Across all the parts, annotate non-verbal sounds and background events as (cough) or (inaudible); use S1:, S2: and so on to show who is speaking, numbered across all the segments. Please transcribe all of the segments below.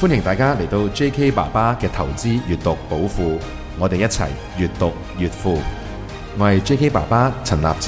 S1: 歡迎大家嚟到 J.K. 爸爸嘅投資閱讀寶庫，我哋一齊閱讀越富。我係 J.K. 爸爸陳立展。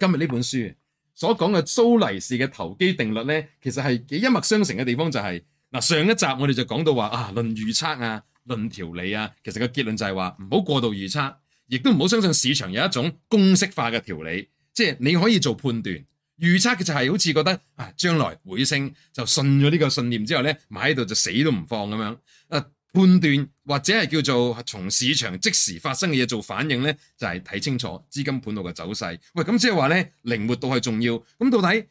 S1: 今日呢本書所講嘅蘇黎士嘅投機定律呢，其實係幾一脈相承嘅地方就係、是、嗱，上一集我哋就講到話啊，論預測啊，論條理啊，其實個結論就係話唔好過度預測，亦都唔好相信市場有一種公式化嘅條理，即係你可以做判斷。預測嘅就係好似覺得啊將來會升，就信咗呢個信念之後咧，買喺度就死都唔放咁樣。誒、啊，判斷或者係叫做從市場即時發生嘅嘢做反應咧，就係、是、睇清楚資金盤路嘅走勢。喂，咁即係話咧，靈活度係重要。咁到底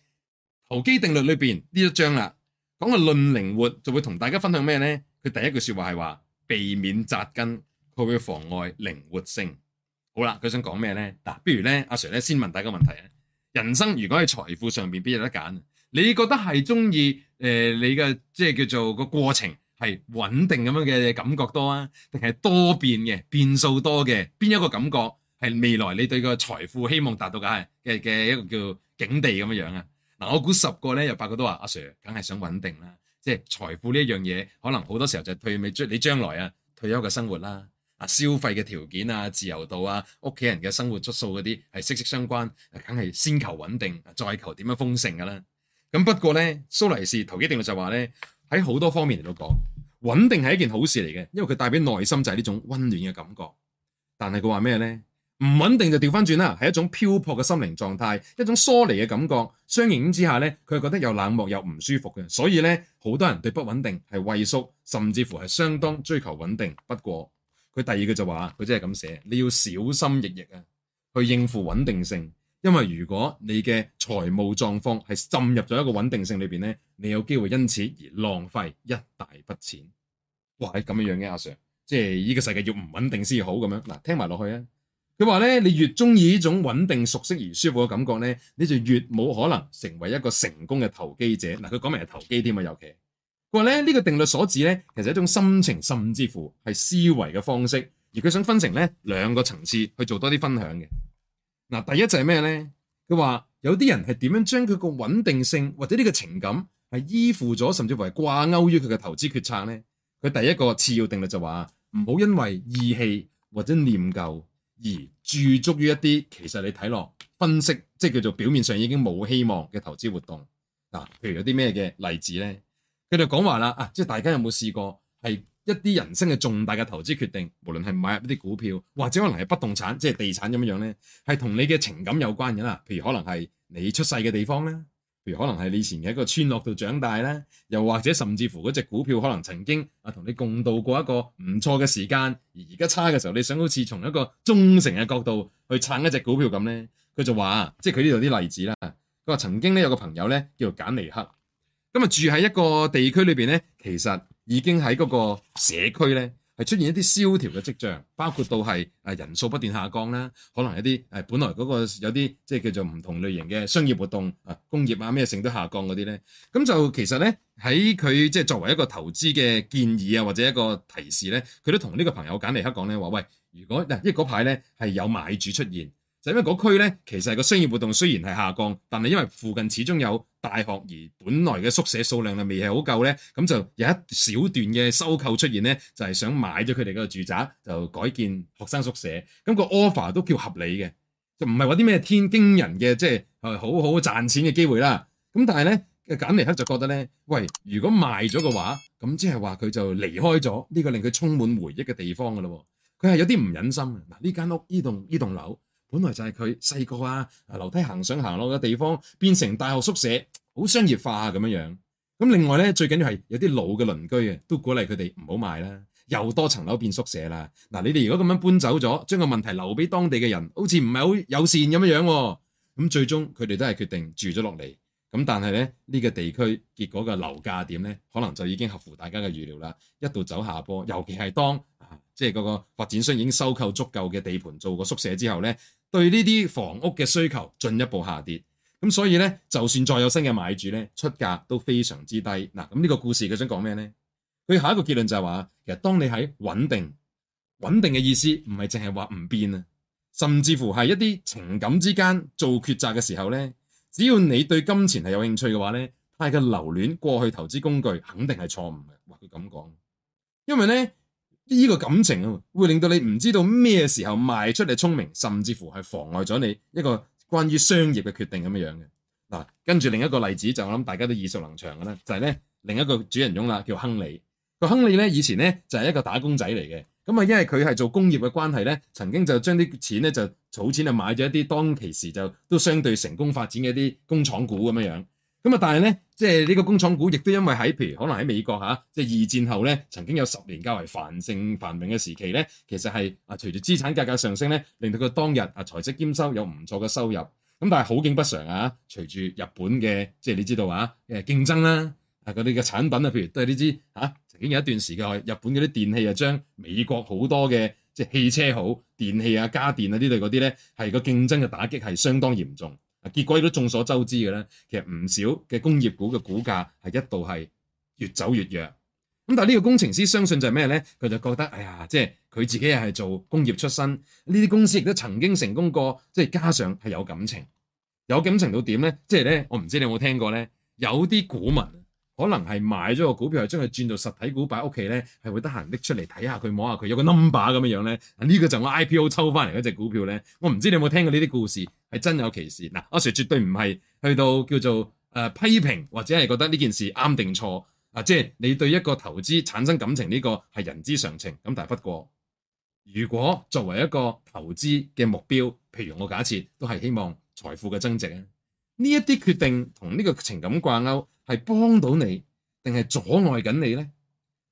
S1: 投機定律裏邊呢一章啦，講個論靈活，就會同大家分享咩咧？佢第一句話說話係話避免扎根，佢會妨礙靈活性。好啦，佢想講咩咧？嗱、啊，不如咧阿 Sir 咧先問大家個問題啊！人生如果喺財富上邊，邊有得揀？你覺得係中意誒你嘅即係叫做個過程係穩定咁樣嘅感覺多啊，定係多變嘅變數多嘅邊一個，感覺係未來你對個財富希望達到嘅係嘅嘅一個叫境地咁樣樣啊？嗱、呃，我估十個咧，有八個都話阿、啊、Sir 梗係想穩定啦，即係財富呢一樣嘢，可能好多時候就退未出你將來啊退休嘅生活啦。啊！消費嘅條件啊，自由度啊，屋企人嘅生活質素嗰啲係息息相關，梗係先求穩定，再求點樣豐盛噶啦。咁不過咧，蘇黎士投機定律就話咧，喺好多方面嚟到講，穩定係一件好事嚟嘅，因為佢帶俾內心就係呢種温暖嘅感覺。但係佢話咩咧？唔穩定就調翻轉啦，係一種漂泊嘅心靈狀態，一種疏離嘅感覺。相影之下咧，佢係覺得又冷漠又唔舒服嘅。所以咧，好多人對不穩定係畏縮，甚至乎係相當追求穩定。不過，佢第二句就話：佢真係咁寫，你要小心翼翼啊，去應付穩定性。因為如果你嘅財務狀況係浸入咗一個穩定性裏邊咧，你有機會因此而浪費一大筆錢。哇！咁樣樣嘅阿、啊、Sir，即係呢個世界要唔穩定先好咁樣。嗱，聽埋落去啊。佢話咧，你越中意呢種穩定、熟悉而舒服嘅感覺咧，你就越冇可能成為一個成功嘅投機者。嗱，佢講明係投機添啊，尤其。話呢，呢個定律所指呢，其實一種心情，甚至乎係思維嘅方式，而佢想分成呢兩個層次去做多啲分享嘅。嗱，第一就係咩呢？佢話有啲人係點樣將佢個穩定性或者呢個情感係依附咗，甚至為掛鈎於佢嘅投資決策呢？佢第一個次要定律就話唔好因為義氣或者念舊而駐足於一啲其實你睇落分析，即係叫做表面上已經冇希望嘅投資活動。嗱，譬如有啲咩嘅例子呢？佢就講話啦，啊，即係大家有冇試過係一啲人生嘅重大嘅投資決定，無論係買入一啲股票，或者可能係不動產，即係地產咁樣樣咧，係同你嘅情感有關嘅啦。譬如可能係你出世嘅地方咧，譬如可能係你以前喺一個村落度長大咧，又或者甚至乎嗰隻股票可能曾經啊同你共度過一個唔錯嘅時間，而而家差嘅時候，你想好似從一個忠誠嘅角度去撐一隻股票咁咧，佢就話，即係佢呢度啲例子啦。佢話曾經咧有個朋友咧叫做簡尼克。咁啊，住喺一個地區裏邊咧，其實已經喺嗰個社區咧，係出現一啲蕭條嘅跡象，包括到係誒人數不斷下降啦，可能一啲誒本來嗰個有啲即係叫做唔同類型嘅商業活動啊、工業啊咩性都下降嗰啲咧，咁就其實咧喺佢即係作為一個投資嘅建議啊，或者一個提示咧，佢都同呢個朋友簡尼克講咧話，喂，如果嗱呢嗰排咧係有買主出現。因為嗰區咧，其實個商業活動雖然係下降，但係因為附近始終有大學，而本來嘅宿舍數量又未係好夠咧，咁就有一小段嘅收購出現咧，就係、是、想買咗佢哋嘅住宅，就改建學生宿舍。咁、那個 offer 都叫合理嘅，就唔係話啲咩天驚人嘅，即係誒好好賺錢嘅機會啦。咁但係咧，簡尼克就覺得咧，喂，如果賣咗嘅話，咁即係話佢就離開咗呢、這個令佢充滿回憶嘅地方㗎咯。佢係有啲唔忍心嗱，呢間屋、呢棟呢棟樓。本來就係佢細個啊，樓梯行上行落嘅地方，變成大學宿舍，好商業化咁樣樣。咁另外咧，最緊要係有啲老嘅鄰居啊，都鼓勵佢哋唔好賣啦，又多層樓變宿舍啦。嗱、啊，你哋如果咁樣搬走咗，將個問題留俾當地嘅人，好似唔係好友善咁樣樣。咁、啊、最終佢哋都係決定住咗落嚟。咁但係咧，呢、這個地區結果嘅樓價點咧，可能就已經合乎大家嘅預料啦，一度走下坡，尤其係當。即係嗰個發展商已經收購足夠嘅地盤做個宿舍之後咧，對呢啲房屋嘅需求進一步下跌，咁所以咧，就算再有新嘅買主咧，出價都非常之低嗱。咁呢個故事佢想講咩咧？佢下一個結論就係話，其實當你喺穩定，穩定嘅意思唔係淨係話唔變啊，甚至乎係一啲情感之間做抉擇嘅時候咧，只要你對金錢係有興趣嘅話咧，太多留戀過去投資工具肯定係錯誤嘅。話佢咁講，因為咧。呢個感情啊，會令到你唔知道咩時候賣出嚟聰明，甚至乎係妨礙咗你一個關於商業嘅決定咁樣樣嘅嗱。跟住另一個例子就我諗大家都耳熟能詳嘅咧，就係咧另一個主人翁啦，叫亨利，個亨利咧，以前咧就係一個打工仔嚟嘅，咁啊因為佢係做工業嘅關係咧，曾經就將啲錢咧就儲錢就買咗一啲當其時就都相對成功發展嘅一啲工廠股咁樣樣。咁啊！但係咧，即係呢個工廠股，亦都因為喺譬如可能喺美國嚇、啊，即係二戰後咧，曾經有十年較為繁盛、繁榮嘅時期咧，其實係啊，隨住資產價格,格上升咧，令到佢當日啊財息兼收有唔錯嘅收入。咁但係好景不常啊！隨住日本嘅即係你知道啊，誒競爭啦、啊，啊嗰啲嘅產品啊，譬如都係呢支嚇曾經有一段時間，日本嗰啲電器啊，將美國好多嘅即係汽車好、電器啊、家電啊些些呢類嗰啲咧，係個競爭嘅打擊係相當嚴重。結果都眾所周知嘅咧，其實唔少嘅工業股嘅股價係一度係越走越弱。咁但係呢個工程師相信就係咩呢？佢就覺得，哎呀，即係佢自己又係做工業出身，呢啲公司亦都曾經成功過。即係加上係有感情，有感情到點呢？即係呢，我唔知你有冇聽過呢？有啲股民，可能係買咗個股票，係將佢轉到實體股擺屋企咧，係會得閒拎出嚟睇下佢，摸下佢，有個 number 咁樣樣咧。呢、呢個就我 IPO 抽翻嚟嗰隻股票咧，我唔知你有冇聽過呢啲故事，係真有其事嗱。阿、啊、Sir 絕對唔係去到叫做誒、呃、批評或者係覺得呢件事啱定錯啊，即係你對一個投資產生感情，呢個係人之常情。咁但係不過，如果作為一個投資嘅目標，譬如我假設都係希望財富嘅增值咧，呢一啲決定同呢個情感掛鈎，係幫到你，定係阻礙緊你咧？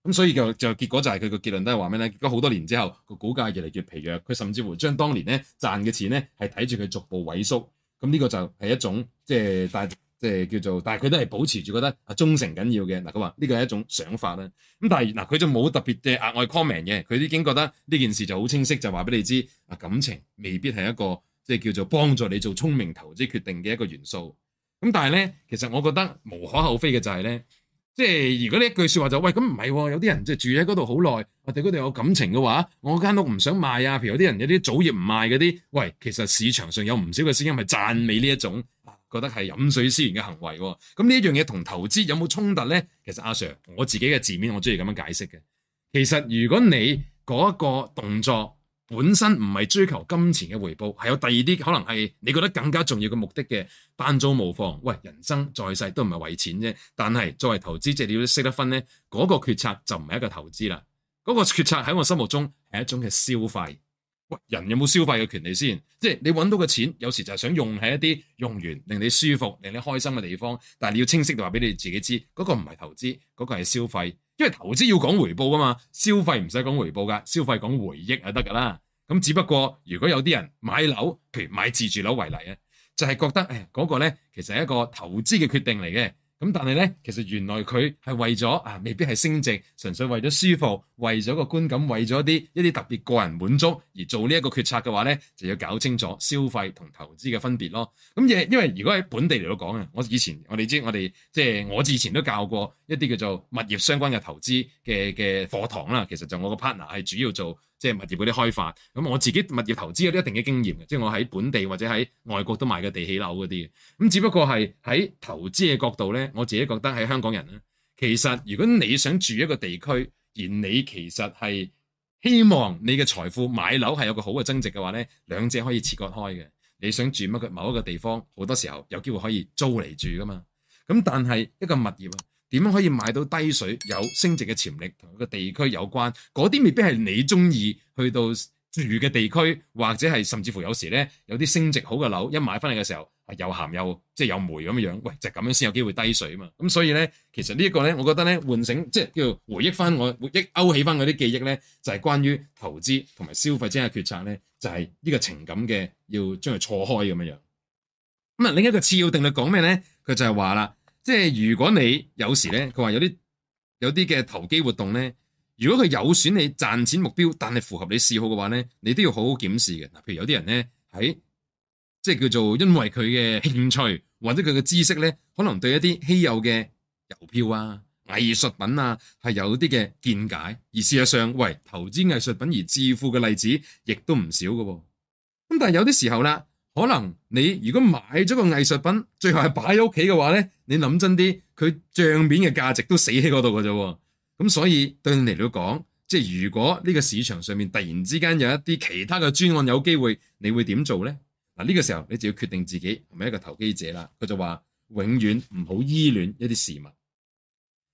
S1: 咁所以就就結果就係佢個結論都係話咩咧？結果好多年之後個股價越嚟越疲弱，佢甚至乎將當年咧賺嘅錢咧係睇住佢逐步萎縮。咁呢個就係一種即係但即係叫做，但係佢都係保持住覺得阿忠誠緊要嘅。嗱，佢話呢個係一種想法啦。咁但係嗱，佢、呃、就冇特別嘅額外 comment 嘅，佢已經覺得呢件事就好清晰，就話俾你知啊，感情未必係一個即係叫做幫助你做聰明投資決定嘅一個元素。咁但係咧，其實我覺得無可厚非嘅就係、是、咧，即係如果呢一句說話就是、喂咁唔係，有啲人即係住喺嗰度好耐，我哋嗰度有感情嘅話，我間屋唔想賣啊。譬如有啲人有啲祖業唔賣嗰啲，喂，其實市場上有唔少嘅聲音係讚美呢一種，覺得係飲水思源嘅行為。哦。咁呢樣嘢同投資有冇衝突咧？其實阿、啊、Sir，我自己嘅字面我中意咁樣解釋嘅。其實如果你嗰一個動作，本身唔係追求金錢嘅回報，係有第二啲可能係你覺得更加重要嘅目的嘅。單租無妨，喂，人生在世都唔係為錢啫。但係作為投資者，你要識得分咧，嗰個決策就唔係一個投資啦。嗰個決策喺我心目中係一種嘅消費。喂，人有冇消費嘅權利先？即係你搵到嘅錢，有時就係想用喺一啲用完令你舒服、令你開心嘅地方。但係你要清晰地話俾你自己知，嗰個唔係投資，嗰個係消費。因為投資要講回報噶嘛，消費唔使講回報噶，消費講回憶就得噶啦。咁只不過如果有啲人買樓，譬如買自住樓為例就係覺得，誒，嗰個咧，其實係一個投資嘅決定嚟嘅。咁但係咧，其實原來佢係為咗啊，未必係升值，純粹為咗舒服，為咗個觀感，為咗一啲一啲特別個人滿足而做呢一個決策嘅話咧，就要搞清楚消費同投資嘅分別咯。咁亦因為如果喺本地嚟到講啊，我以前我哋知我哋即係我之前都教過一啲叫做物業相關嘅投資嘅嘅課堂啦，其實就我個 partner 係主要做。即係物業嗰啲開發，咁我自己物業投資有啲一定嘅經驗嘅，即係我喺本地或者喺外國都買過地起樓嗰啲嘅。咁只不過係喺投資嘅角度咧，我自己覺得係香港人咧，其實如果你想住一個地區，而你其實係希望你嘅財富買樓係有個好嘅增值嘅話咧，兩者可以切割開嘅。你想住乜嘅某一個地方，好多時候有機會可以租嚟住㗎嘛。咁但係一個物業。點樣可以買到低水有升值嘅潛力？同一個地區有關，嗰啲未必係你中意去到住嘅地區，或者係甚至乎有時咧有啲升值好嘅樓，一買翻嚟嘅時候啊又咸又即係有霉咁樣樣，喂就咁樣先有機會低水啊嘛！咁所以咧，其實呢一個咧，我覺得咧喚醒即係叫回憶翻我回憶勾起翻我啲記憶咧，就係關於投資同埋消費者嘅決策咧，就係呢個情感嘅要將佢錯開咁樣樣。咁啊，另一個次要定律講咩咧？佢就係話啦。即係如果你有時咧，佢話有啲有啲嘅投機活動咧，如果佢有損你賺錢目標，但係符合你嗜好嘅話咧，你都要好好檢視嘅。嗱，譬如有啲人咧喺、哎、即係叫做因為佢嘅興趣或者佢嘅知識咧，可能對一啲稀有嘅郵票啊、藝術品啊係有啲嘅見解，而事實上，喂，投資藝術品而致富嘅例子亦都唔少嘅。咁但係有啲時候啦。可能你如果買咗個藝術品，最後係擺喺屋企嘅話咧，你諗真啲，佢賬面嘅價值都死喺嗰度嘅啫。咁所以對你嚟到講，即係如果呢個市場上面突然之間有一啲其他嘅專案有機會，你會點做咧？嗱，呢個時候你就要決定自己係咪一個投機者啦。佢就話永遠唔好依戀一啲事物。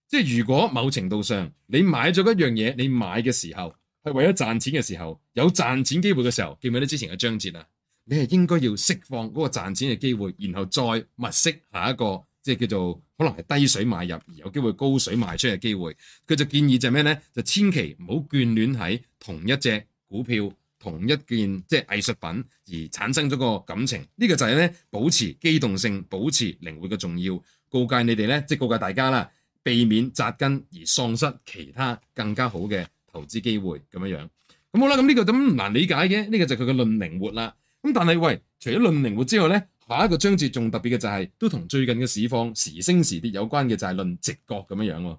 S1: 即係如果某程度上你買咗一樣嘢，你買嘅時候係爲咗賺錢嘅時候，有賺錢機會嘅時候，記唔記得之前嘅章節啊？你係應該要釋放嗰個賺錢嘅機會，然後再物色下一個，即係叫做可能係低水買入而有機會高水賣出嘅機會。佢就建議就係咩咧？就千祈唔好眷戀喺同一隻股票、同一件即係藝術品而產生咗個感情。呢、這個就係咧保持機動性、保持靈活嘅重要告誡你哋咧，即係告誡大家啦，避免紮根而喪失其他更加好嘅投資機會咁樣樣。咁、嗯、好啦，咁呢個咁唔難理解嘅，呢、這個就係佢嘅論靈活啦。咁但係喂，除咗論靈活之外咧，下一個章節仲特別嘅就係都同最近嘅市況時升時跌有關嘅就係論直覺咁樣樣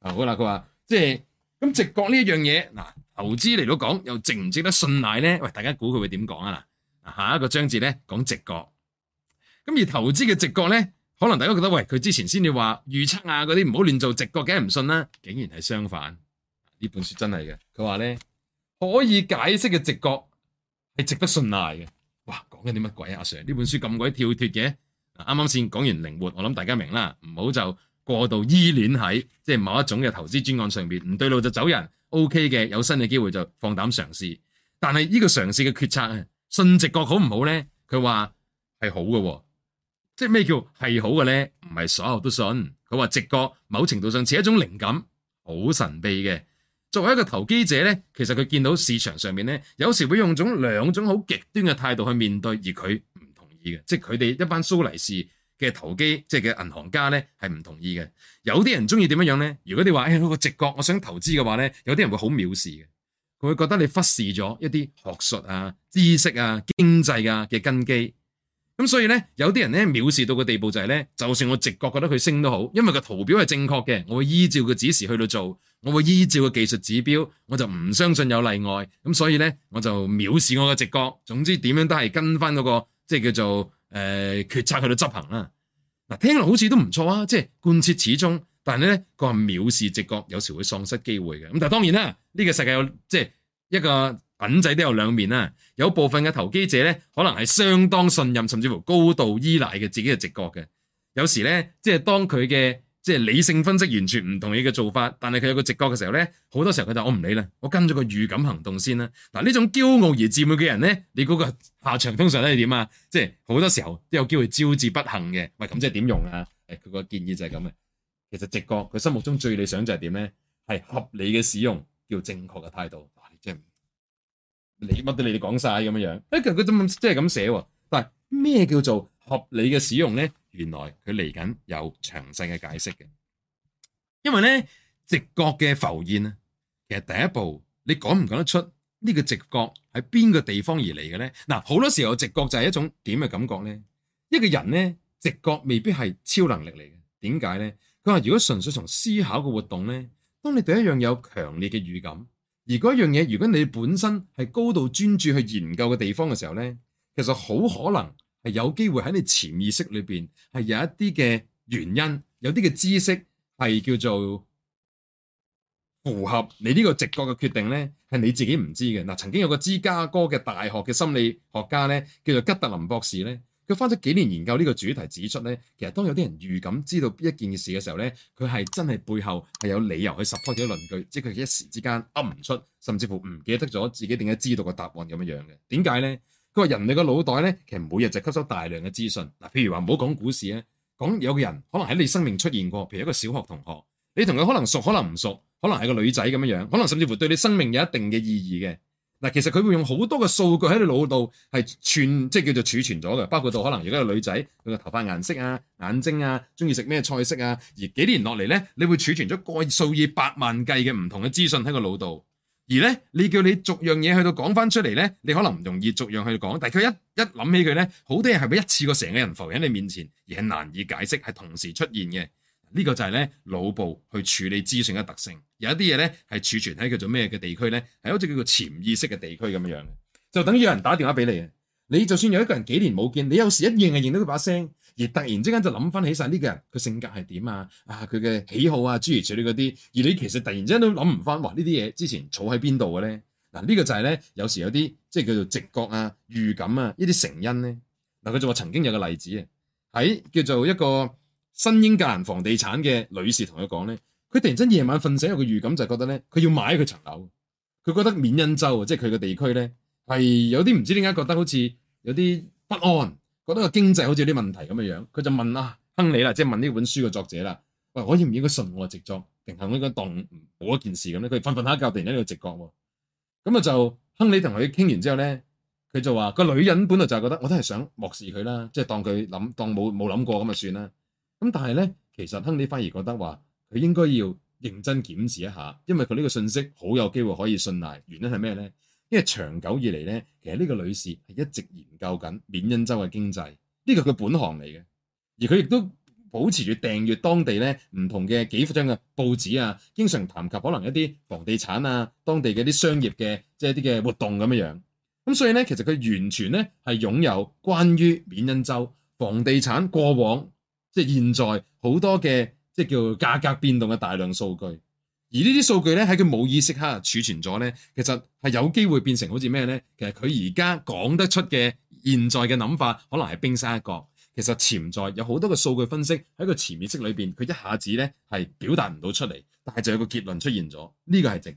S1: 啊，好啦，佢話即係咁直覺呢一樣嘢，嗱投資嚟到講又值唔值得信賴咧？喂，大家估佢會點講啊？嗱，下一個章節咧講直覺，咁而投資嘅直覺咧，可能大家覺得喂佢之前先至話預測啊嗰啲唔好亂做直覺，梗係唔信啦。竟然係相反，呢本書真係嘅，佢話咧可以解釋嘅直覺係值得信賴嘅。哇，講緊啲乜鬼啊，阿 Sir？呢本書咁鬼跳脫嘅，啱啱先講完靈活，我諗大家明啦，唔好就過度依戀喺即係某一種嘅投資專案上邊，唔對路就走人。OK 嘅，有新嘅機會就放膽嘗試。但係呢個嘗試嘅決策，信直覺好唔好咧？佢話係好嘅喎，即係咩叫係好嘅咧？唔係所有都信。佢話直覺某程度上似一種靈感，好神秘嘅。作為一個投機者咧，其實佢見到市場上面咧，有時會用種兩種好極端嘅態度去面對，而佢唔同意嘅，即係佢哋一班蘇黎士嘅投機，即係嘅銀行家咧，係唔同意嘅。有啲人鍾意點樣樣咧？如果你話誒、哎個直覺，我想投資嘅話咧，有啲人會好藐視嘅，佢會覺得你忽視咗一啲學術啊、知識啊、經濟啊嘅根基。咁所以咧，有啲人咧藐視到個地步就係、係、咧，就算我直覺覺得佢升都好，因為個圖表係正確嘅，我會依照佢指示去到做。我會依照個技術指標，我就唔相信有例外，咁所以咧，我就藐視我嘅直覺。總之點樣都係跟翻嗰、那個即係叫做誒、呃、決策去到執行啦。嗱，聽落好似都唔錯啊，即係貫徹始終。但係咧，個藐視直覺有時會喪失機會嘅。咁但係當然啦，呢、這個世界有即係一個品仔都有兩面啦、啊。有部分嘅投機者咧，可能係相當信任甚至乎高度依賴嘅自己嘅直覺嘅。有時咧，即係當佢嘅。即係理性分析完全唔同你嘅做法，但係佢有個直覺嘅時候咧，好多時候佢就我唔理啦，我跟咗個預感行動先啦。嗱呢種驕傲而自滿嘅人咧，你估個下場通常咧係點啊？即係好多時候都有機會招致不幸嘅。唔係咁，即係點用啊？誒，佢個建議就係咁嘅。其實直覺佢心目中最理想就係點咧？係合理嘅使用叫正確嘅態度。即係你乜都你哋講晒咁樣樣。誒、欸，佢佢咁即係咁寫喎。但係咩叫做合理嘅使用咧？原來佢嚟緊有詳細嘅解釋嘅，因為咧直覺嘅浮現咧，其實第一步你講唔講得出呢個直覺喺邊個地方而嚟嘅咧？嗱，好多時候直覺就係一種點嘅感覺咧。一個人咧，直覺未必係超能力嚟嘅。點解咧？佢話如果純粹從思考嘅活動咧，當你對一樣有強烈嘅預感，而嗰樣嘢如果你本身係高度專注去研究嘅地方嘅時候咧，其實好可能。有機會喺你潛意識裏邊係有一啲嘅原因，有啲嘅知識係叫做符合你呢個直覺嘅決定咧，係你自己唔知嘅嗱、呃。曾經有個芝加哥嘅大學嘅心理學家咧，叫做吉特林博士咧，佢花咗幾年研究呢個主題，指出咧，其實當有啲人預感知道一件事嘅時候咧，佢係真係背後係有理由去 support 咗論據，即係佢一時之間噏唔出，甚至乎唔記得咗自己點解知道個答案咁樣樣嘅。點解咧？個人類嘅腦袋咧，其實每日就吸收大量嘅資訊。嗱，譬如話唔好講股市咧，講有個人可能喺你生命出現過，譬如一個小學同學，你同佢可能熟，可能唔熟，可能係個女仔咁樣樣，可能甚至乎對你生命有一定嘅意義嘅。嗱，其實佢會用好多嘅數據喺你腦度係存，即係叫做儲存咗嘅，包括到可能而家個女仔佢個頭髮顏色啊、眼睛啊、中意食咩菜式啊，而幾年落嚟咧，你會儲存咗個數以百萬計嘅唔同嘅資訊喺個腦度。而咧，你叫你逐樣嘢去到講翻出嚟咧，你可能唔容易逐樣去講。但係佢一一諗起佢咧，好多嘢係會一次過成個人浮喺你面前，而係難以解釋，係同時出現嘅。呢、這個就係咧腦部去處理資訊嘅特性。有一啲嘢咧係儲存喺叫做咩嘅地區咧，係好似叫做潛意識嘅地區咁樣樣嘅。 (noise) 就等於有人打電話俾你啊，你就算有一個人幾年冇見，你有時一認就認到佢把聲。而突然之間就諗翻起晒呢個人佢性格係點啊？啊佢嘅喜好啊諸如此類嗰啲，而你其實突然之間都諗唔翻，話呢啲嘢之前坐喺邊度嘅咧？嗱、啊、呢、呢個就係咧，有時有啲即係叫做直覺啊、預感啊呢啲成因咧。嗱，佢仲話曾經有個例子啊，喺叫做一個新英格蘭房地產嘅女士同佢講咧，佢突然之間夜晚瞓醒有個預感，就係覺得咧，佢要買佢層樓，佢覺得緬因州即係佢嘅地區咧係有啲唔知點解覺得好似有啲不安。覺得個經濟好似有啲問題咁嘅樣，佢就問啊亨利啦，即係問呢本書嘅作者啦。喂，可以唔應該信我直覺定係我應該當冇一件事咁咧？佢瞓瞓下覺，突然之間有直覺喎。咁、嗯、啊就亨利同佢傾完之後咧，佢就話個女人本來就係覺得，我都係想漠視佢啦，即係當佢諗當冇冇諗過咁啊算啦。咁、嗯、但係咧，其實亨利反而覺得話佢應該要認真檢視一下，因為佢呢個信息好有機會可以信賴。原因係咩咧？因為長久以嚟咧，其實呢個女士係一直研究緊緬因州嘅經濟，呢、這個係佢本行嚟嘅，而佢亦都保持住訂閲當地咧唔同嘅幾幅張嘅報紙啊，經常談及可能一啲房地產啊，當地嘅一啲商業嘅即係一啲嘅活動咁樣樣。咁所以咧，其實佢完全咧係擁有關於緬因州房地產過往即係現在好多嘅即係叫價格變動嘅大量數據。而呢啲數據咧喺佢冇意識下儲存咗咧，其實係有機會變成好似咩咧？其實佢而家講得出嘅現在嘅諗法，可能係冰山一角。其實潛在有好多嘅數據分析喺個潛意識裏邊，佢一下子咧係表達唔到出嚟，但係就有個結論出現咗。呢個係直覺。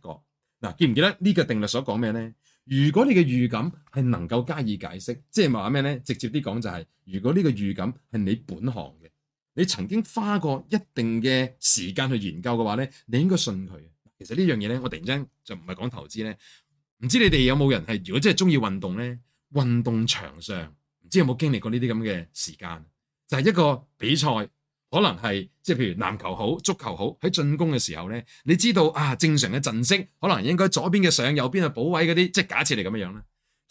S1: 嗱、啊，記唔記得呢個定律所講咩咧？如果你嘅預感係能夠加以解釋，即係話咩咧？直接啲講就係、是，如果呢個預感係你本行嘅。你曾經花過一定嘅時間去研究嘅話咧，你應該信佢。其實呢樣嘢咧，我突然間就唔係講投資咧，唔知你哋有冇人係如果真係中意運動咧，運動場上唔知有冇經歷過呢啲咁嘅時間，就係一個比賽，可能係即係譬如籃球好、足球好，喺進攻嘅時候咧，你知道啊，正常嘅陣式可能應該左邊嘅上，右邊嘅補位嗰啲，即係假設你咁樣樣咧。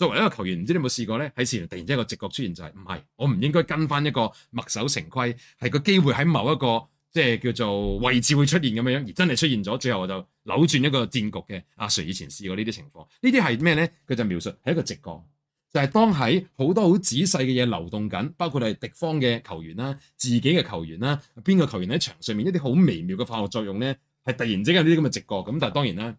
S1: 作為一個球員，唔知你有冇試過咧？喺事前突然之間一個直覺出現就係唔係，我唔應該跟翻一個墨守成規，係個機會喺某一個即係叫做位置會出現咁樣樣，而真係出現咗，最後我就扭轉一個戰局嘅。阿、啊、Sir 以前試過呢啲情況，呢啲係咩咧？佢就描述係一個直覺，就係、是、當喺好多好仔細嘅嘢流動緊，包括係敵方嘅球員啦、自己嘅球員啦、邊個球員喺場上面一啲好微妙嘅化學作用咧，係突然之間有啲咁嘅直覺。咁但係當然啦。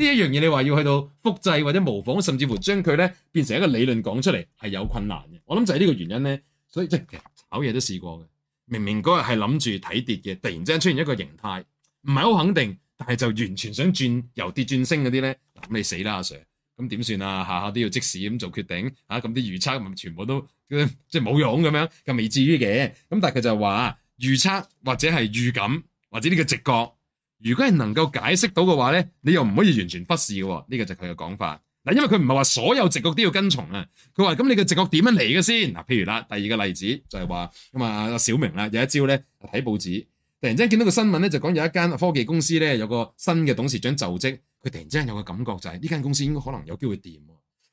S1: 呢一樣嘢，你話要去到複製或者模仿，甚至乎將佢咧變成一個理論講出嚟，係有困難嘅。我諗就係呢個原因咧，所以即係其實炒嘢都試過嘅。明明嗰日係諗住睇跌嘅，突然之間出現一個形態，唔係好肯定，但係就完全想轉由跌轉升嗰啲咧，咁你死啦阿 Sir！咁點算啊？下下都要即時咁做決定嚇，咁啲預測全部都即係冇用咁樣，咁未至於嘅。咁但係佢就話預測或者係預感或者呢個直覺。如果係能夠解釋到嘅話咧，你又唔可以完全忽視嘅，呢個就係佢嘅講法。嗱，因為佢唔係話所有直覺都要跟從啊。佢話咁你嘅直覺點樣嚟嘅先？嗱，譬如啦，第二個例子就係話咁啊，阿小明啦，有一朝咧睇報紙，突然之間見到個新聞咧，就講有一間科技公司咧有個新嘅董事長就職，佢突然之間有個感覺就係呢間公司應該可能有機會掂。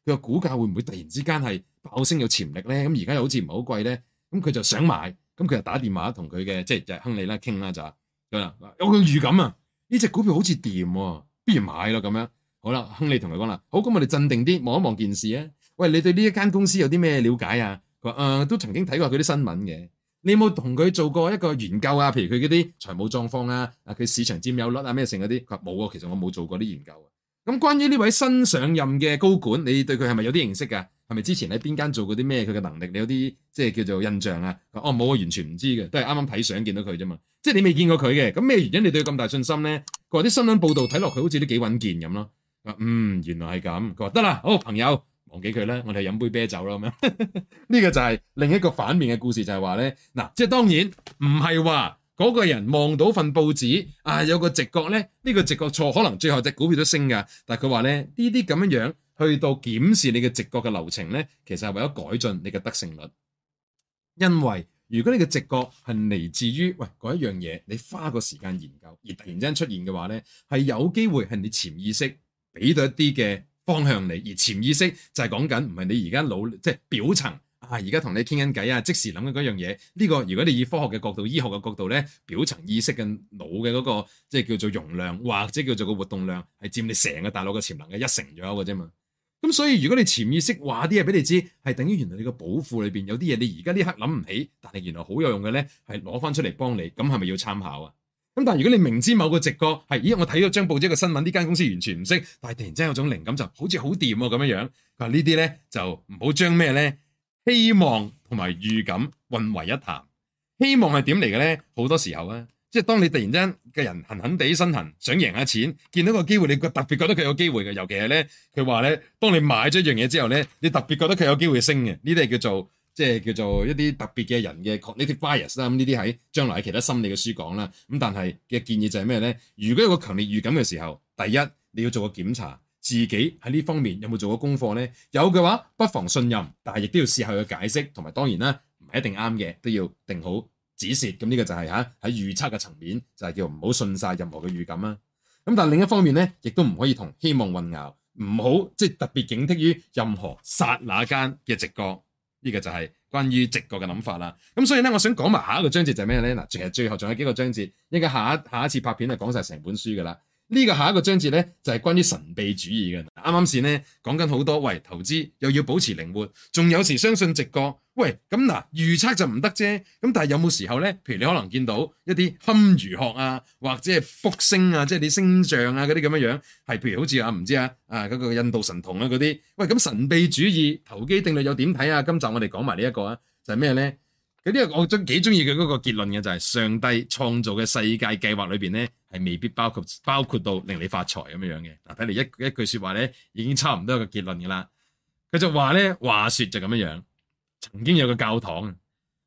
S1: 佢個股價會唔會突然之間係爆升有潛力咧？咁而家又好似唔係好貴咧，咁佢就想買，咁佢就打電話同佢嘅即係就係亨利啦傾啦就。有個預感啊，呢隻股票好似掂喎，不如買咯咁樣。好啦，亨利同佢講啦，好，咁我哋鎮定啲，望一望件事啊。喂，你對呢一間公司有啲咩了解啊？佢話誒，都曾經睇過佢啲新聞嘅。你有冇同佢做過一個研究啊？譬如佢嗰啲財務狀況啊，啊佢市場佔有率啊咩剩嗰啲。佢冇啊，其實我冇做過啲研究啊。咁關於呢位新上任嘅高管，你對佢係咪有啲認識噶？係咪之前喺邊間做過啲咩？佢嘅能力你有啲即係叫做印象啊？佢哦冇啊，完全唔知嘅，都係啱啱睇相見到佢啫嘛。即係你未見過佢嘅，咁咩原因你對佢咁大信心咧？佢話啲新聞報道睇落去好似都幾穩健咁咯。啊，嗯，原來係咁。佢話得啦，好朋友，忘記佢咧，我哋飲杯啤酒啦咁樣。呢 (laughs) 個就係另一個反面嘅故事，就係話咧嗱，即係當然唔係話嗰個人望到份報紙啊，有個直覺咧，呢個直覺錯，可能最後隻股票都升噶。但係佢話咧呢啲咁樣樣。去到檢視你嘅直覺嘅流程咧，其實係為咗改進你嘅得勝率，因為如果你嘅直覺係嚟自於喂一樣嘢，你花個時間研究而突然之間出現嘅話咧，係有機會係你潛意識俾到一啲嘅方向你，而潛意識就係講緊唔係你而家腦即係表層啊，而家同你傾緊偈啊，即時諗緊嗰樣嘢呢個。如果你以科學嘅角度、醫學嘅角度咧，表層意識嘅腦嘅嗰個即係叫做容量或者叫做個活動量係佔你成個大腦嘅潛能嘅一成咗嘅啫嘛。咁所以如果你潛意識話啲嘢俾你知，係等於原來你個寶庫裏邊有啲嘢，你而家呢刻諗唔起，但係原來好有用嘅咧，係攞翻出嚟幫你。咁係咪要參考啊？咁但係如果你明知某個直覺係，咦我睇咗張報紙嘅新聞，呢間公司完全唔識，但係突然間有種靈感，就好似好掂喎咁樣樣。佢話呢啲咧就唔好將咩咧希望同埋預感混為一談。希望係點嚟嘅咧？好多時候啊。即係當你突然間嘅人狠狠地身痕，想贏下錢，見到個機會，你特別覺得佢有機會嘅。尤其係咧，佢話咧，當你買咗一樣嘢之後咧，你特別覺得佢有機會升嘅。呢啲係叫做即係叫做一啲特別嘅人嘅呢啲 bias 啦、嗯。咁呢啲喺將來其他心理嘅書講啦。咁、嗯、但係嘅建議就係咩咧？如果有個強烈預感嘅時候，第一你要做個檢查，自己喺呢方面有冇做過功課咧？有嘅話，不妨信任，但係亦都要試下去解釋，同埋當然啦，唔係一定啱嘅，都要定好，指涉咁呢個就係嚇喺預測嘅層面，就係、係、叫唔好信晒任何嘅預感啦。咁但係另一方面咧，亦都唔可以同希望混淆，唔好即係特別警惕於任何剎那間嘅直覺。呢、呢個就係關於直覺嘅諗法啦。咁所以咧，我想講埋下一個章節就係咩咧？嗱，仲係最後仲有幾個章節，應該下一下一次拍片就講晒成本書㗎啦。呢個下一個章節咧就係、是、關於神秘主義嘅，啱啱先咧講緊好多，喂投資又要保持靈活，仲有時相信直覺，喂咁嗱預測就唔得啫，咁但係有冇時候咧？譬如你可能見到一啲堪輿學啊，或者係福星啊，即係啲星象啊嗰啲咁樣樣，係譬如好似啊唔知啊啊嗰、這個印度神童啊嗰啲，喂咁神秘主義投機定律又點睇啊？今集我哋講埋呢一個啊，就係咩咧？呢啲我真幾中意嘅嗰個結論嘅就係上帝創造嘅世界計劃裏邊咧係未必包括包括到令你發財咁樣樣嘅。嗱睇嚟，一一句說話咧已經差唔多個結論噶啦，佢就話咧話說就咁樣樣，曾經有個教堂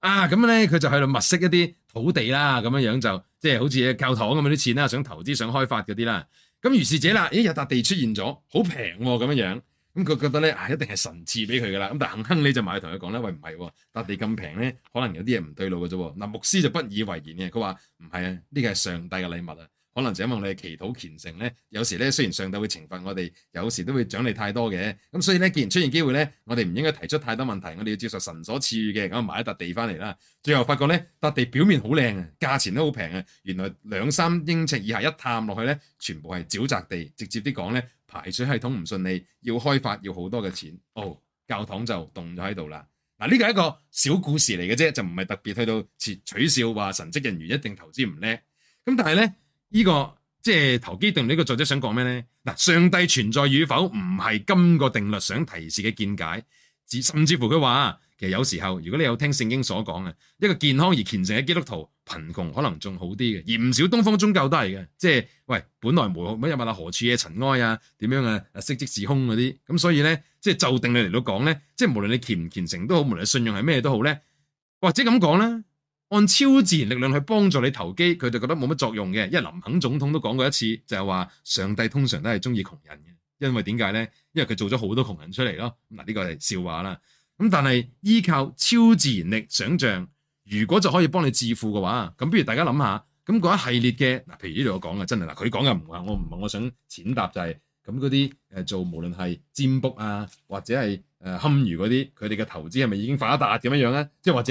S1: 啊，咁咧佢就喺度物色一啲土地啦，咁樣樣就即係好似教堂咁樣啲錢啦，想投資想開發嗰啲啦，咁如是者啦，咦有笪地出現咗好平咁樣樣。咁佢覺得、啊、一定係神賜俾佢噶啦，咁但肯亨亨就埋去同佢講咧，喂唔係，笪、啊、地咁平咧，可能有啲嘢唔對路嘅啫。嗱、啊、牧師就不以為然嘅，佢話唔係啊，呢個係上帝嘅禮物啊。可能就希望你祈禱虔誠咧，有時咧，雖然上帝會懲罰我哋，有時都會獎勵太多嘅。咁所以咧，既然出現機會咧，我哋唔應該提出太多問題。我哋要接受神所賜予嘅，咁買一笪地翻嚟啦。最後發覺咧，笪地表面好靚啊，價錢都好平啊。原來兩三英尺以下一探落去咧，全部係沼澤地。直接啲講咧，排水系統唔順利，要開發要好多嘅錢。哦，教堂就凍咗喺度啦。嗱，呢個係一個小故事嚟嘅啫，就唔係特別去到取笑話神職人員一定投資唔叻。咁但係咧。呢、這個即係投機定律，呢個作者想講咩咧？嗱，上帝存在與否唔係今個定律想提示嘅見解，至甚至乎佢話，其實有時候如果你有聽聖經所講嘅一個健康而虔誠嘅基督徒，貧窮可能仲好啲嘅，而唔少東方宗教都係嘅，即係喂本來無何物也，何處惹塵埃啊？點樣啊？色即是空嗰啲，咁所以咧，即係就定律嚟到講咧，即係無論你虔唔虔誠都好，無論你信用係咩都好咧，或者咁講咧。按超自然力量去幫助你投機，佢就覺得冇乜作用嘅。因為林肯總統都講過一次，就係話上帝通常都係中意窮人嘅，因為點解咧？因為佢做咗好多窮人出嚟咯。嗱，呢個係笑話啦。咁但係依靠超自然力想像，如果就可以幫你致富嘅話，咁不如大家諗下。咁嗰一系列嘅嗱，譬如呢度我講嘅真係嗱，佢講嘅唔係我唔係我想淺談就係。咁啲誒做無論係占卜啊，或者係誒、呃、堪輿嗰啲，佢哋嘅投資係咪已經發達咁樣樣咧？即係或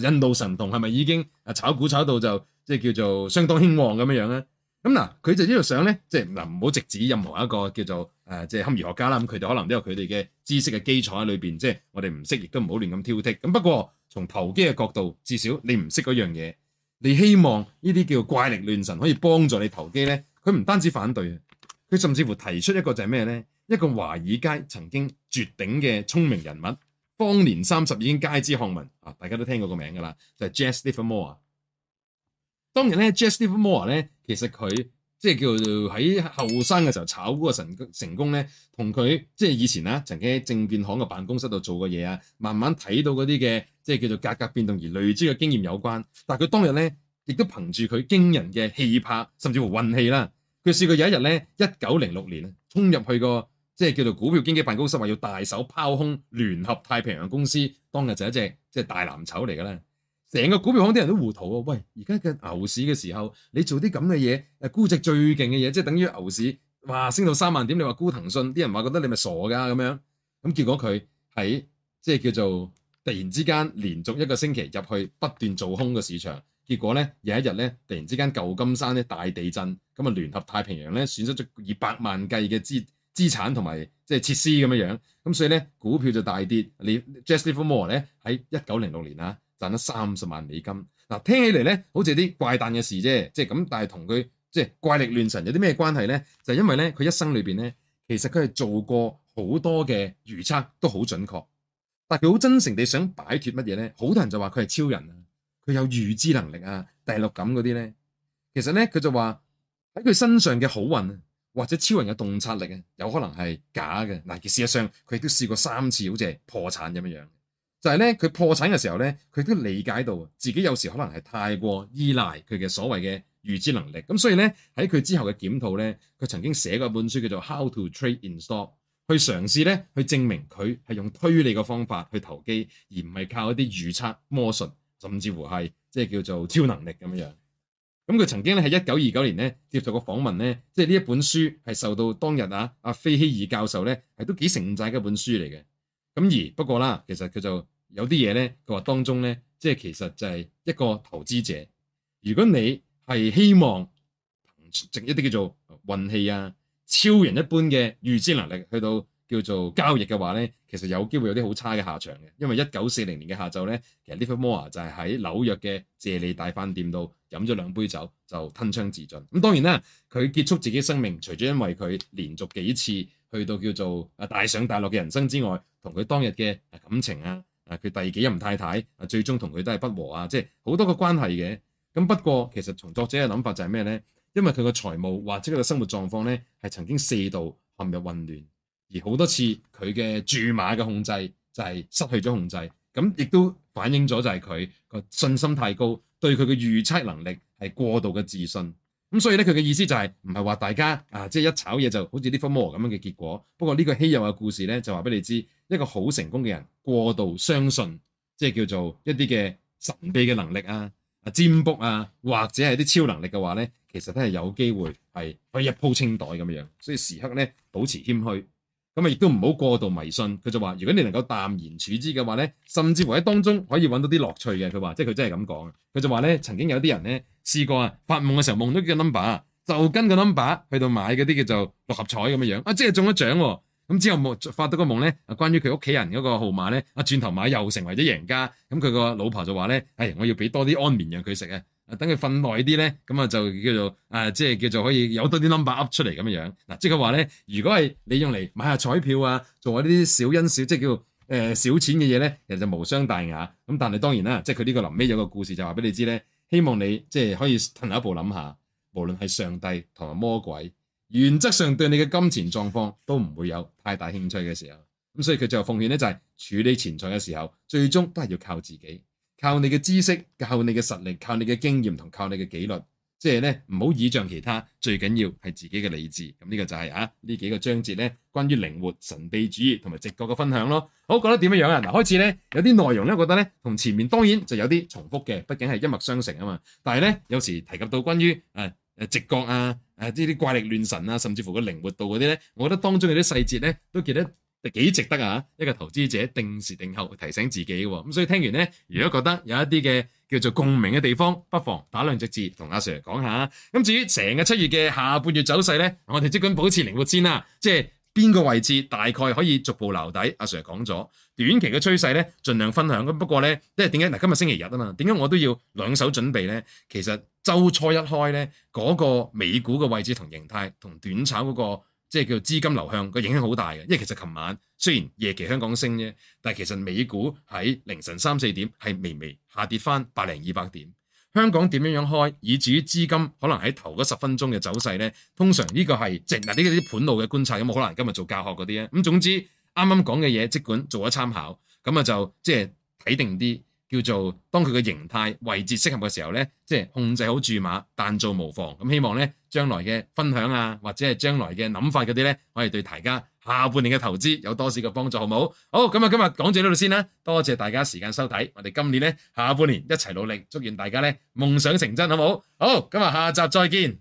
S1: 者印度神童係咪已經誒炒股炒到就即係叫做相當興旺咁樣樣咧？咁嗱，佢就呢度想咧，即係嗱唔好直指任何一個叫做誒即係堪輿學家啦。咁佢哋可能都有佢哋嘅知識嘅基礎喺裏邊，即係我哋唔識，亦都唔好亂咁挑剔。咁不過從投機嘅角度，至少你唔識嗰樣嘢，你希望呢啲叫怪力亂神可以幫助你投機咧，佢唔單止反對。佢甚至乎提出一個就係咩咧？一個華爾街曾經絕頂嘅聰明人物，當年三十已經街知巷聞啊，大家都聽過個名㗎啦，就係 Jesse Livermore。當然咧，Jesse Livermore 咧，其實佢即係叫做喺後生嘅時候炒嗰個成成功咧，同佢即係以前啊曾經喺證券行嘅辦公室度做過嘢啊，慢慢睇到嗰啲嘅即係叫做價格變動而累積嘅經驗有關。但係佢當日咧，亦都憑住佢驚人嘅氣魄，甚至乎運氣啦。佢試過有一日咧，一九零六年咧，衝入去個即係叫做股票經紀辦公室，話要大手拋空聯合太平洋公司。當日就一隻即係、就是、大藍籌嚟㗎啦。成個股票行啲人都糊塗啊！喂，而家嘅牛市嘅時候，你做啲咁嘅嘢，誒估值最勁嘅嘢，即係等於牛市，哇，升到三萬點，你話沽騰訊，啲人話覺得你咪傻㗎咁、啊、樣。咁結果佢喺即係叫做突然之間連續一個星期入去不斷做空嘅市場。結果咧，有一日咧，突然之間舊金山咧大地震，咁啊聯合太平洋咧損失咗二百萬計嘅資資產同埋即係設施咁樣樣，咁所以咧股票就大跌。你 Jesse Livermore 咧喺一九零六年啊賺咗三十萬美金。嗱，聽起嚟咧好似啲怪誕嘅事啫，即係咁，但係同佢即係怪力亂神有啲咩關係咧？就係，因為咧佢一生裏邊咧其實佢係做過好多嘅預測都好準確，但係佢好真誠地想擺脫乜嘢咧，好多人就話佢係超人啊！佢有預知能力啊、第六感嗰啲咧，其實咧佢就話喺佢身上嘅好運啊或者超人嘅洞察力啊，有可能係假嘅。嗱，其事實上佢亦都試過三次好似係破產咁樣樣，就係咧佢破產嘅時候咧，佢都理解到自己有時可能係太過依賴佢嘅所謂嘅預知能力。咁所以咧喺佢之後嘅檢討咧，佢曾經寫過一本書叫做《How to Trade in Stop》，去嘗試咧去證明佢係用推理嘅方法去投機，而唔係靠一啲預測魔術。甚至乎係即係叫做超能力咁樣樣，咁佢曾經咧係一九二九年咧接受過訪問咧，即係呢一本書係受到當日啊阿、啊、菲希爾教授咧係都幾承讚嘅一本書嚟嘅，咁而不過啦，其實佢就有啲嘢咧，佢話當中咧即係其實就係一個投資者，如果你係希望憑藉一啲叫做運氣啊、超人一般嘅預知能力去到。叫做交易嘅話咧，其實有機會有啲好差嘅下場嘅，因為一九四零年嘅下晝咧，其實 Livermore 就係喺紐約嘅謝利大飯店度飲咗兩杯酒，就吞槍自盡。咁當然啦，佢結束自己生命，除咗因為佢連續幾次去到叫做啊大上大落嘅人生之外，同佢當日嘅感情啊啊佢第幾任太太啊，最終同佢都係不和啊，即係好多個關係嘅。咁不過其實從作者嘅諗法就係咩咧？因為佢嘅財務或者佢嘅生活狀況咧，係曾經四度陷入混亂。而好多次佢嘅注碼嘅控制就係失去咗控制，咁亦都反映咗就係佢個信心太高，對佢嘅預測能力係過度嘅自信。咁所以咧，佢嘅意思就係唔係話大家啊，即係一炒嘢，就好似呢副魔咁樣嘅結果。不過呢個稀有嘅故事咧，就話俾你知，一個好成功嘅人過度相信，即係叫做一啲嘅神秘嘅能力啊、啊佔卜啊，或者係啲超能力嘅話咧，其實都係有機會係可以一鋪清袋咁樣。所以時刻咧保持謙虛。咁啊，亦都唔好過度迷信。佢就話：如果你能夠淡然處之嘅話呢，甚至喺當中可以揾到啲樂趣嘅。佢話，即係佢真係咁講。佢就話咧，曾經有啲人呢試過啊，發夢嘅時候夢到個 number，就跟個 number 去到買嗰啲叫做六合彩咁嘅樣啊，即係中咗獎啊。咁、嗯、之後夢發到個夢咧，關於佢屋企人嗰個號碼咧，啊轉頭買又成為咗贏家。咁佢個老婆就話呢：「哎，係我要俾多啲安眠藥佢食啊！」等佢瞓耐啲咧，咁啊就叫做啊，即係叫做可以有多啲 number up 出嚟，咁樣樣。嗱、啊，即係話咧，如果係你用嚟買下彩票啊，做下呢啲小恩小，即係叫誒、呃、小錢嘅嘢咧，其實就無傷大雅。咁、嗯、但係當然啦，即係佢呢個臨尾有個故事，就話俾你知咧，希望你即係可以退後一步諗下，無論係上帝同埋魔鬼，原則上對你嘅金錢狀況都唔會有太大興趣嘅時候。咁所以佢最後奉勸咧，就係、是、處理錢財嘅時候，最終都係要靠自己。靠你嘅知識，靠你嘅實力，靠你嘅經驗同靠你嘅紀律，即係咧，唔好倚仗其他，最緊要係自己嘅理智。咁、這、呢個就係啊，呢幾個章節咧，關於靈活、神秘主義同埋直覺嘅分享咯。好，覺得點樣樣啊？嗱，開始咧有啲內容咧，覺得咧同前面當然就有啲重複嘅，畢竟係一脈相承啊嘛。但係咧有時提及到關於誒誒直覺啊誒呢啲怪力亂神啊，甚至乎個靈活度嗰啲咧，我覺得當中有啲細節咧都記得，幾值得啊！一個投資者定時定候提醒自己嘅、哦，咁所以聽完咧，如果覺得有一啲嘅叫做共鳴嘅地方，不妨打兩隻字同阿 Sir 講下。咁至於成個七月嘅下半月走勢咧，我哋即管保持靈活先啦，即係邊個位置大概可以逐步留底。阿 Sir 講咗短期嘅趨勢咧，盡量分享。咁不過咧，即係點解嗱？今日星期日啊嘛，點解我都要兩手準備咧？其實周初一開咧，嗰個美股嘅位置同形態同短炒嗰個。即係叫做資金流向個影響好大嘅，因為其實琴晚雖然夜期香港升啫，但係其實美股喺凌晨三四點係微微下跌翻百零二百點。香港點樣樣開，以至於資金可能喺頭嗰十分鐘嘅走勢咧，通常呢個係即係嗱呢啲盤路嘅觀察有冇可能今日做教學嗰啲咧。咁總之啱啱講嘅嘢，即管做咗參考，咁啊就即係睇定啲，叫做當佢嘅形態位置適合嘅時候咧，即係控制好注碼，但做無妨。咁希望咧。將來嘅分享啊，或者係將來嘅諗法嗰啲咧，可以對大家下半年嘅投資有多少嘅幫助，好唔好？好，咁啊，今日講到呢度先啦，多謝大家時間收睇，我哋今年咧下半年一齊努力，祝願大家咧夢想成真，好唔好？好，今日下集再見。